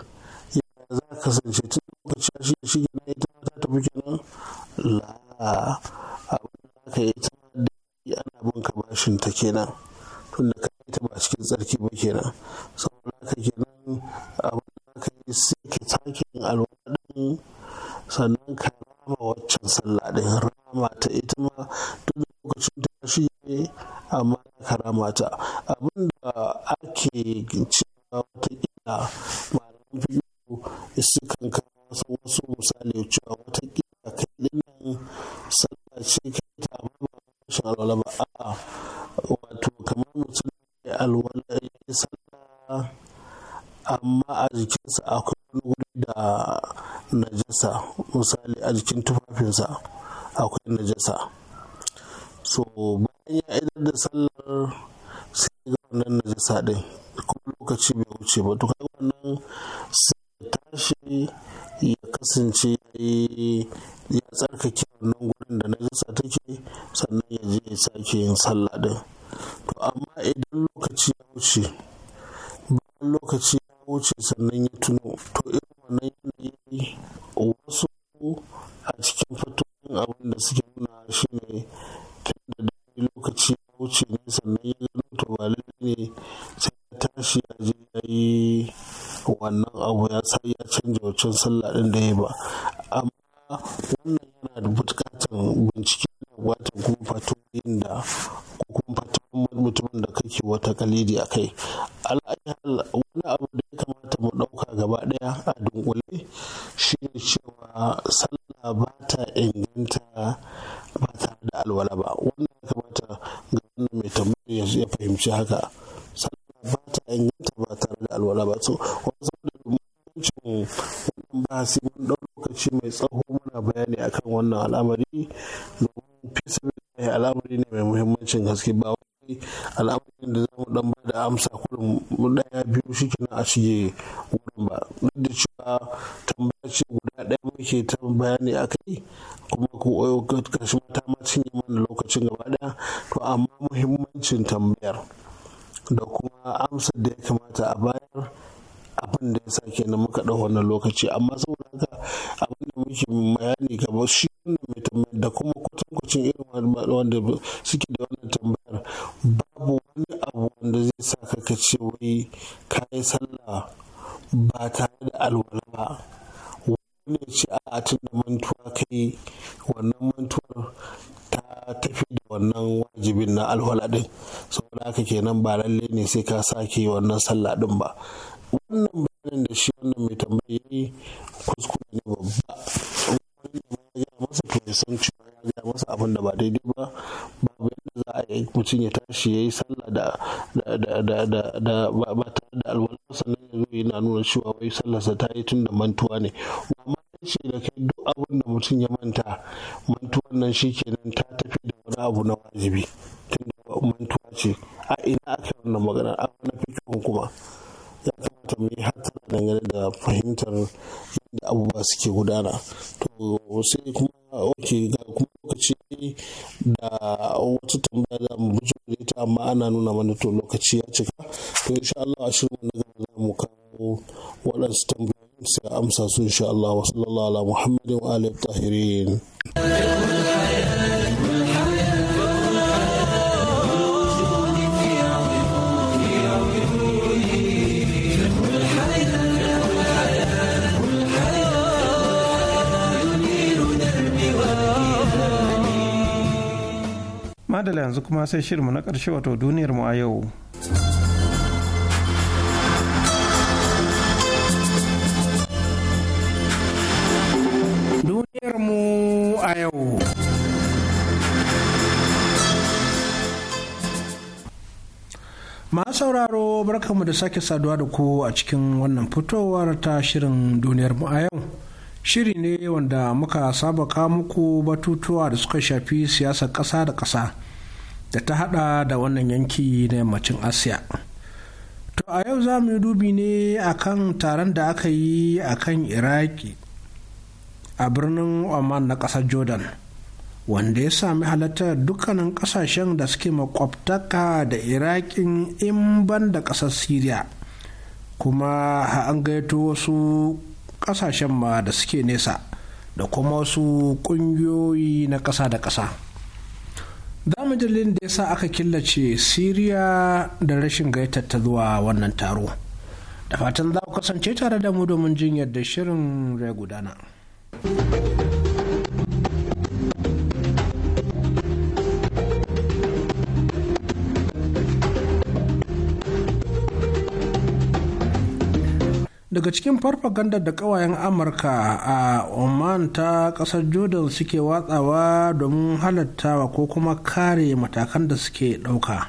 ya za ka kasance tun lokaci ya shi na yi ta tafi kenan la ka yi ta daɗi ana bin ka bashin ta kenan tunda ka yi ta ba cikin tsarki ba kenan saboda ka kenan abin da ka yi sai ka take alwala din sannan ka rama waccan sallah din rama ta ita ma duk lokacin ta shi amma ka rama ta abin da ake cewa watakila malaman fiyo sukan kawo wasu misali cewa watakila kai dinnan sallah ce rashin alwala ba a wato kamar mutum ya alwala ya sallah amma a jikinsa akwai wani wuri da najasa misali a jikin tufafinsa akwai najasa so bayan ya idar da sallar sai ga wannan najasa din kuma lokaci bai wuce ba to kaga wannan sai tashi ya kasance ya tsarkake wannan gurin da na najasa take sannan ya je ya sake yin sallah din to amma idan lokaci ya wuce bayan lokaci ya wuce sannan ya tuno to irin wannan yanayi wasu a cikin fatoyin abin da suke nuna shi ne tun da lokaci ya wuce ne sannan ya zama to ba ne sai tashi ya je ya yi wannan abu ya sa ya canja wacin sallah ɗin da ya ba amma wannan yana da bukatar bincike da buƙatar kuma fatoyin da ko kuma fatoyin mutumin da kake wata kalidi a kai al'ayyar wani abu da ya kamata mu ɗauka gaba daya a dunkule shi ne cewa sallah ba ta inganta ba tare da alwala ba wannan ya kamata ga wannan mai tambayar ya fahimci haka ba ta ba tare da alwala ba so wani saboda muhimmancin wannan bahasi wani ɗan lokaci mai tsawo muna bayani akan wannan al'amari domin fisibilillahi al'amari ne mai muhimmancin gaske ba wani al'amarin da za mu dan ba da amsa kullum mu ɗaya biyu shi kenan a shige wurin ba duk da cewa tambaya ce guda ɗaya muke ta bayani a kai kuma ko kashi mata ma cinye mana lokacin gaba ɗaya to amma muhimmancin tambayar da kuma amsar da ya kamata a bayar abin da ya sa kenan muka ɗau wannan lokaci amma saboda haka abin da muke bayani gaba shi wannan mai tambayar da kuma kwatankwacin irin wanda suke da wannan tambayar babu wani abu wanda zai sa ka ka ce wai ka yi sallah ba tare da alwala ba wani ce a atin da mantuwa kai wannan mantuwar ta tafi da wannan wajibin na alwala din haka kenan ba lalle ne sai ka sake wannan sallah din ba wannan bayanin da shi wannan mai tambayi yayi kuskure ne babba ya masa to ya san cewa ya gaya masa abin da ba daidai ba babu yadda za a yi mutum ya tashi ya yi sallah da ba tare da alwala sannan ya zo yana nuna cewa wai sallarsa ta yi tun da mantuwa ne amma ce da kai duk abin da mutum ya manta mantuwan nan kenan ta tafi da wani abu na wajibi tun da mantuwa ce a ina aka wannan magana a wani fita kuma ya kamata mu yi hatta dangane da fahimtar yadda abubuwa suke gudana to sai kuma ok ga kuma lokaci da wata tambaya za mu buzo da ita amma ana nuna mana to lokaci ya cika to insha Allah a shirin na gaba za mu kawo waɗansu tambayoyin sai amsa su insha Allah wa sallallahu ala muhammadin wa alihi tahirin madala yanzu kuma sai shirinmu na ƙarshe wato duniyar mu a yau duniyar mu a yau masu sauraro barkanmu da sake saduwa da ku a cikin wannan fitowar ta shirin duniyar mu a yau shiri ne wanda muka saba ka batutuwa da suka shafi siyasar ƙasa da ƙasa da ta hada da wannan yanki na yammacin asiya to a yau za mu yi dubi ne akan taron da aka yi akan iraki a birnin oman na ƙasar jordan wanda ya sami halartar dukkanin ƙasashen da suke makwabtaka da iraƙin in ban da ƙasar syria kuma an gaito wasu kasashen ma da suke nesa da kuma wasu kungiyoyi na kasa da ƙasa zamu dalilin da ya sa aka killace siriya da rashin gaita ta zuwa wannan taro da fatan za ku kasance tare da mu domin jin yadda shirin rai gudana. daga cikin farfaganda da ƙawayen amurka a oman ta kasar jordan suke watsawa domin halattawa ko kuma kare matakan da suke ɗauka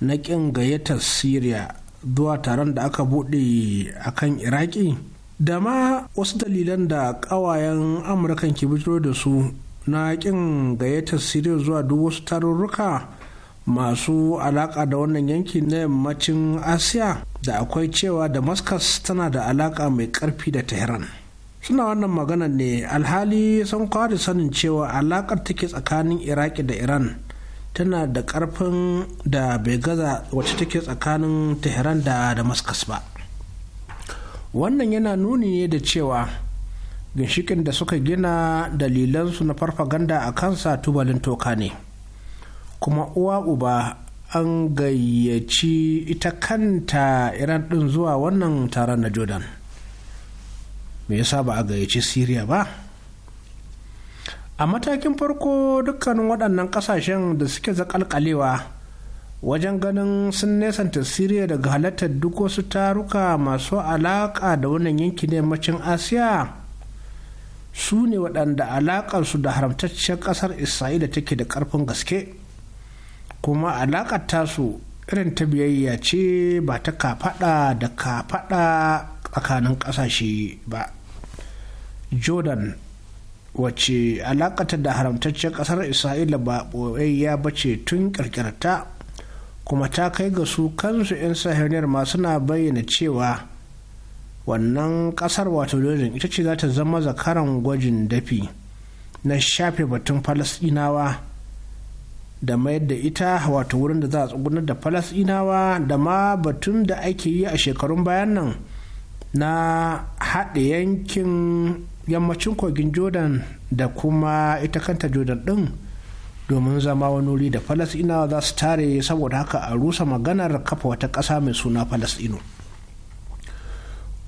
na ƙin gayyatar syria zuwa taron da aka buɗe a kan iraki da ma wasu dalilan da ƙawayen amurkan ke bijiro da su na ƙin gayyatar syria zuwa duk wasu tarurruka masu alaƙa da wannan yanki na yammacin asiya da akwai cewa damascus tana da alaƙa mai ƙarfi da tehran suna wannan magana ne alhali sun kwari sanin cewa alaƙar take tsakanin iraki da iran tana da ƙarfin da bai gaza wacce take tsakanin tehran da damascus ba wannan yana nuni ne da cewa ginshikin da suka gina dalilansu na farfaganda a kansa tubalin toka ne kuma uwa uba an gayyaci ita kanta iran din zuwa wannan taron na jordan me yasa ba a gayyaci syria ba a matakin farko dukkanin waɗannan ƙasashen da suke zakalkalewa wajen ganin sun nesanta syria daga halartar duk wasu taruka masu alaƙa da wannan yanki na yammacin asiya su ne waɗanda alaƙarsu da haramtacciyar ƙasar isra'ila take da ƙarfin gaske. kuma alakar tasu irin ta biyayya ce ba ta kafaɗa da kafaɗa tsakanin ƙasashe ba jordan wacce alaƙata da haramtaccen ƙasar isra'ila ba ɓoyayya ba ce tun ƙirƙirta kuma ta kai ga su kansu 'yan saheliyar ma suna bayyana cewa wannan ƙasar wato jordan ita ce za ta zama zakaran gwajin dafi na shafe batun falasɗinawa da mayar da ita wato wurin da za a tsugunar da falasinawa da ma batun da ake yi a shekarun bayan nan na haɗe yankin yammacin kogin jordan da kuma ita kanta jordan ɗin domin zama wani wuri da falasinawa za su tare saboda haka a rusa maganar kafa wata ƙasa mai suna falasino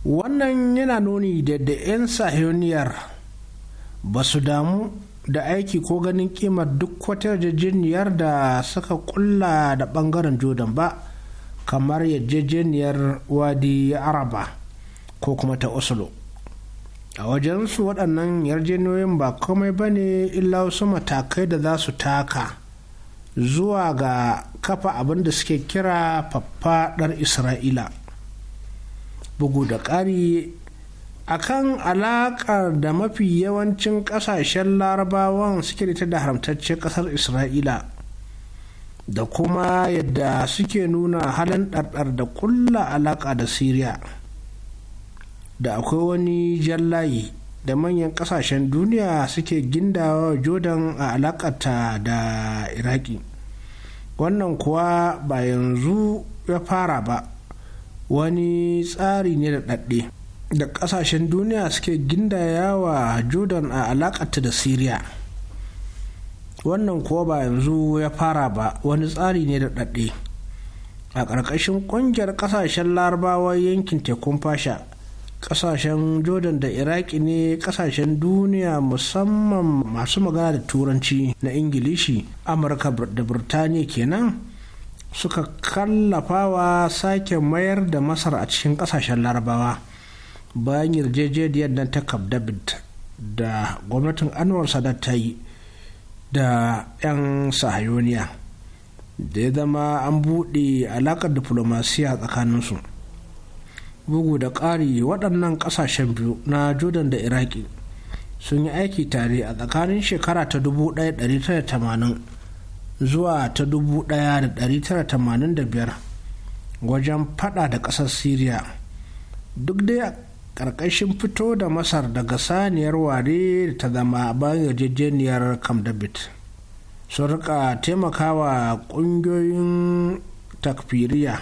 wannan yana nuni da 'yan sahiyoniyar ba su damu da aiki ko ganin kimar duk wata yarjejeniyar da suka kulla da bangaren jordan ba kamar yarjejeniyar wadi araba ko kuma ta oslo a wajensu waɗannan yarjeniyoyin ba komai ba ne illa wasu matakai da za su taka zuwa ga kafa abin da suke kira faffaɗar isra'ila bugu da ƙari a kan alaƙar da mafi yawancin ƙasashen larabawan suke da ta da haramtacce ƙasar isra'ila da kuma yadda suke nuna halin ɗarɗar da ƙulla alaƙa da siriya da akwai wani jallayi da manyan ƙasashen duniya suke gindawa jordan a alaƙata da iraki wannan kuwa ba yanzu ya fara ba wani tsari ne da ɗaɗɗe. da kasashen duniya suke gindayawa jordan a alakata da syria wannan kuwa ba yanzu ya fara ba wani tsari ne da daɗe a ƙarƙashin ƙungiyar ƙasashen larabawa yankin tekun fasha ƙasashen jordan da iraki ne ƙasashen duniya musamman masu magana da turanci na ingilishi amurka da birtaniya kenan suka kallafawa sake mayar da masar a cikin ƙasashen larabawa bayan yarjejeniyar nan ta cap david da gwamnatin anwar sadat ta yi da 'yan sahayoniya da ya zama an buɗe alaƙar diflomasiya tsakaninsu bugu da ƙari waɗannan ƙasashen biyu na jordan da iraki sun yi aiki tare a tsakanin shekara ta 1980 zuwa ta 1985 wajen fada da ƙasar syria duk dai ƙarƙashin fito da masar daga saniyar ware ta zama bayan yarjejeniyar camp david sun rika taimakawa ƙungiyoyin takfiriya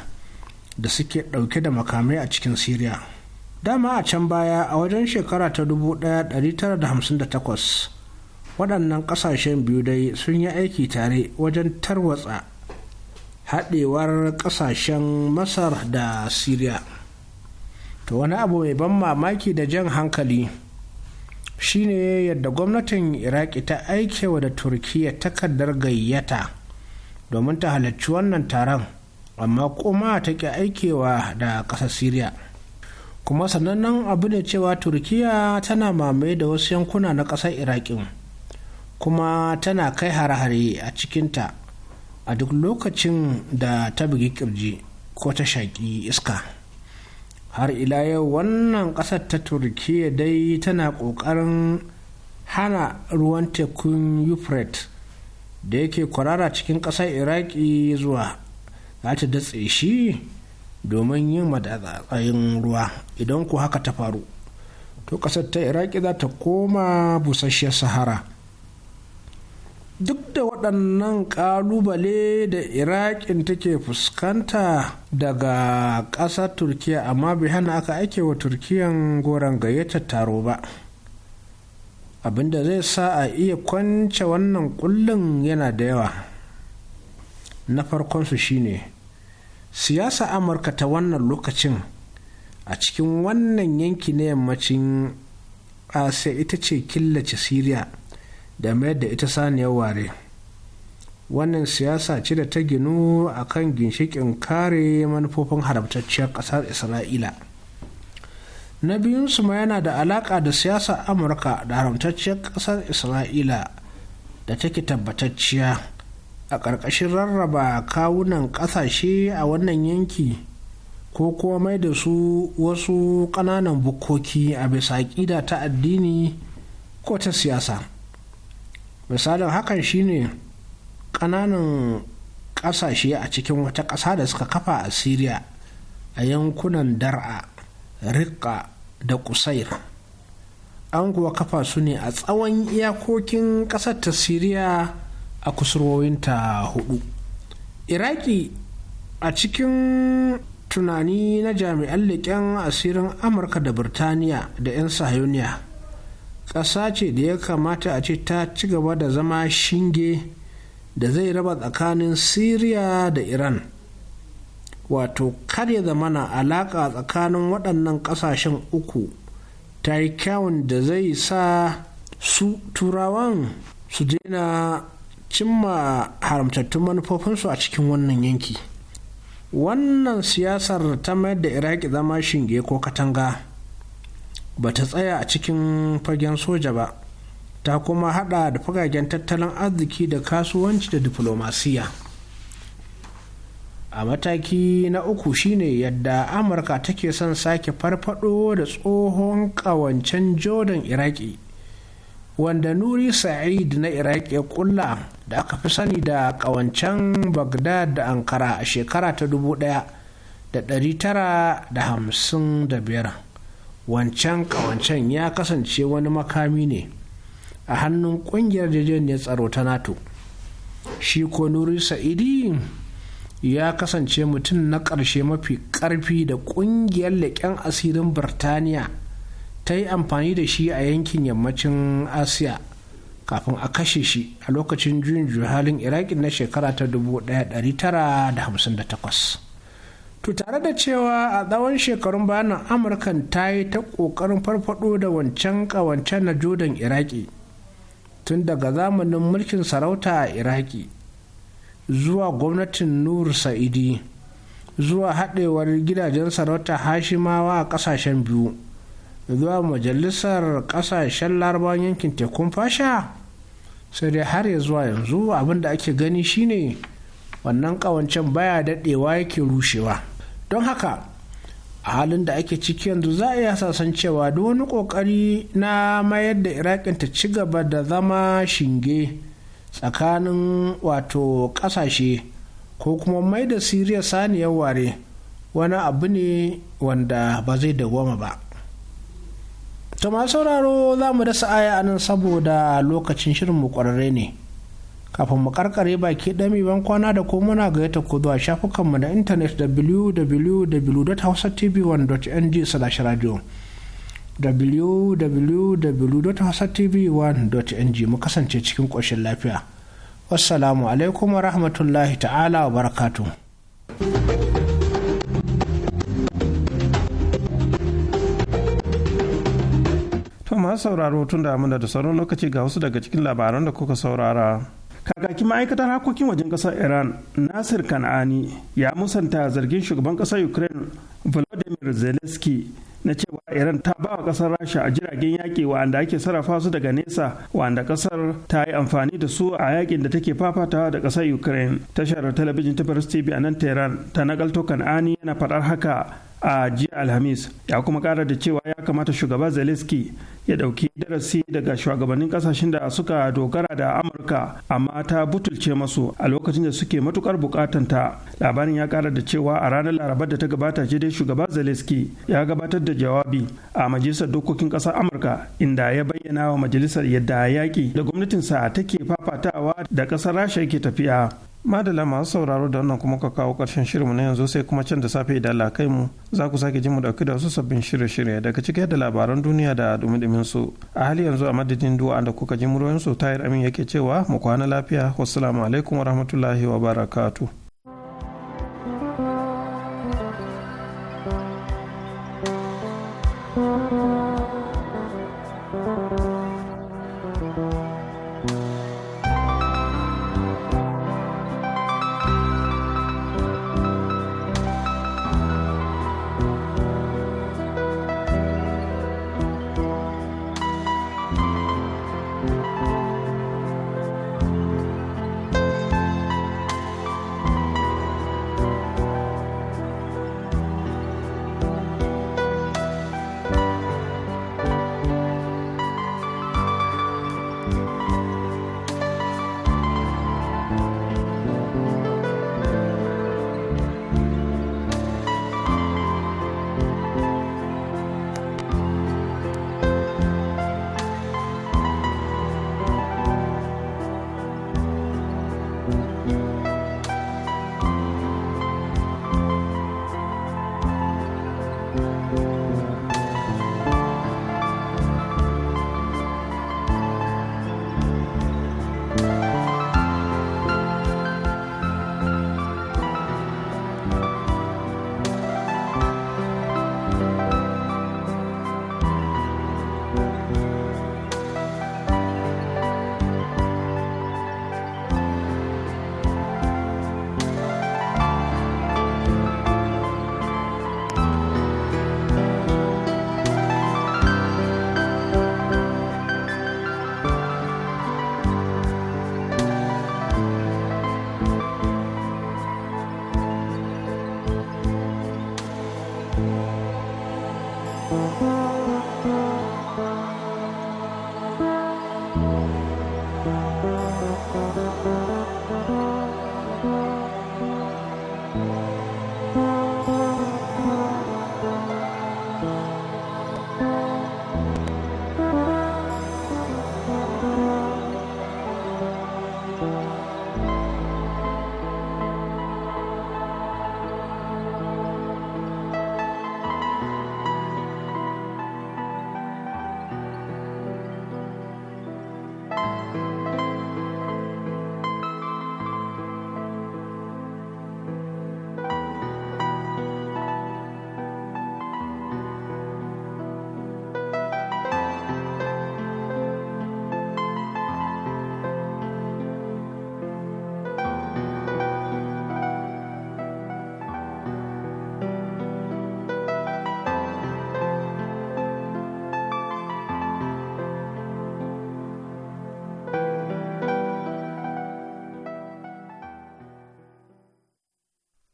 da suke ɗauke da makamai a cikin syria dama a can baya a wajen shekara ta 1958 waɗannan ƙasashen biyu dai sun yi aiki tare wajen tarwatsa haɗewar ƙasashen masar da syria to wani abu mai ban mamaki da jan hankali shine yadda gwamnatin iraki ta aikewa da turkiya takardar gayyata domin ta halarci wannan taron amma kuma ta ƙi aikewa da ƙasar syria kuma sanannen abu ne cewa turkiya tana mamaye da wasu yankuna na ƙasar iraƙin kuma tana kai hare-hare a cikinta a duk lokacin da ta bugi kirji ko ta shaƙi iska har ila yau wannan ƙasar ta turkiya dai tana ƙoƙarin hana ruwan tekun euphrates da yake kwarara cikin ƙasar iraki zuwa za ta datse shi domin yin matsatsayin ruwa idan ku haka ta faru to ƙasar ta iraki za ta koma busasshiyar sahara duk da waɗannan ƙalubale da iraƙin take fuskanta daga ƙasar turkiya amma bai hana aka ake wa turkiyan goron gayyatar taro ba abinda zai sa a iya kwance wannan kullum yana da yawa na farkonsu shine siyasa amurka ta wannan lokacin a cikin wannan yanki na yammacin asiya ita ce killace Siriya. da mayar da ita saniyar ware wannan siyasa ce da ta ginu a kan ginshikin kare manufofin haramtacciyar ƙasar isra'ila na biyunsu ma yana da alaƙa da siyasa amurka da haramtacciyar ƙasar isra'ila da take tabbatacciya a ƙarƙashin rarraba kawunan ƙasashe a wannan yanki ko kuma mai da su wasu ƙananan bukkoki a bisa ƙida ta addini ko ta siyasa. misalin hakan shine kananan kasashe a cikin wata ƙasa da suka kafa a syria a yankunan dar'a riƙa da kusair an kuwa kafa su ne a tsawon iyakokin ƙasar ta syria a kusurwowinta hudu iraki a cikin tunani na jami'an leƙen asirin amurka da birtaniya da 'yan sahiyoniya ƙasa ce da ya kamata a ce ta ci gaba da zama shinge da zai raba tsakanin syria da iran wato kar ya zamana alaƙa tsakanin waɗannan ƙasashen uku ta yi kyawun da zai sa su turawan su daina cimma haramtattun manufofinsu a cikin wannan yanki wannan siyasar ta mayar da iraki zama shinge ko katanga ba ta tsaya a cikin fagen soja ba ta kuma hada da fagagen tattalin arziki da kasuwanci da diflomasiya a mataki na uku shine yadda amurka take son sake farfado da tsohon kawancen jordan iraki wanda nuri sa'id na iraki ya kulla da aka fi sani da kawancen bagdad da ankara a shekara ta 1955 wancan wancan ya kasance wani makami ne a hannun kungiyar jejeniyar tsaro ta nato shi ko nuri sa'idi ya kasance mutum na ƙarshe mafi ƙarfi da ƙungiyar leƙen asirin birtaniya ta yi amfani da shi a yankin yammacin asiya kafin a kashe shi a lokacin juyin juhalin iraki na shekara ta 1958 to tare da cewa a tsawon shekarun bayanan amurkan ta yi ta ƙoƙarin farfado da wancan ƙawancen na jordan iraki tun daga zamanin mulkin sarauta a iraki zuwa gwamnatin nur sa'idi zuwa haɗewar gidajen sarauta hashimawa a ƙasashen biyu zuwa majalisar ƙasashen larabawan yankin tekun fasha sai dai har ya zuwa yanzu abin da ake gani shine wannan ƙawancen baya daɗewa yake rushewa don haka a halin da ake ciki yanzu za a iya sasan cewa duk wani ƙoƙari na mayar da iraƙin ta ci gaba da zama shinge tsakanin wato ƙasashe ko kuma mai da siriya saniyar ware wani abu ne wanda ba zai dawwama ba to masu sauraro za mu dasa aya anan saboda lokacin shirin mu ƙwararre ne kafin mu karkare baki ɗami ban kwana da ko muna gayyata ku zuwa shafukanmu na intanet www.hausatv1.ng/radio www.hausatv1.ng mu kasance cikin ƙoshin lafiya. Wassalamu alaikum wa rahmatullahi ta'ala wa barakatu. To masu sauraro tun da da sauran lokaci ga wasu daga cikin labaran da kuka saurara. kakakin ma'aikatar harkokin wajen kasar iran nasir kan'ani ya musanta zargin shugaban kasar ukraine volodymyr zelensky na cewa iran ta ba wa kasar rasha a jiragen yaƙi wa'anda ake sarrafa su daga nesa wa'anda kasar ta yi amfani da su a yaƙin da take fafatawa da kasar ukraine tashar talabijin ta paris tv a nan tehran ta nagalto kan'ani yana faɗar haka a jiya alhamis ya kuma ƙara da cewa ya kamata shugaba zelensky ya ɗauki darasi daga shugabannin ƙasashen da suka dogara da amurka amma ta butulce masu a lokacin da suke matukar bukatanta labarin ya kara da cewa a ranar larabar da ta gabata ce dai shugaba zaleski ya gabatar da jawabi a majalisar dokokin ƙasar amurka inda ya bayyana wa majalisar yadda yaki da gwamnatinsa take fafatawa da ƙasar rasha yake tafiya madala masu sauraro da wannan kuma ka kawo karshen shirinmu na yanzu sai kuma can da safe idan lakai mu za ku sake ji mu dauki da wasu sabbin shirye-shirye daga cike da labaran duniya da dumi su a hali yanzu a madadin du'a da kuka ji muryoyin su tayar amin yake cewa mu kwana lafiya wassalamu alaikum wa barakatu.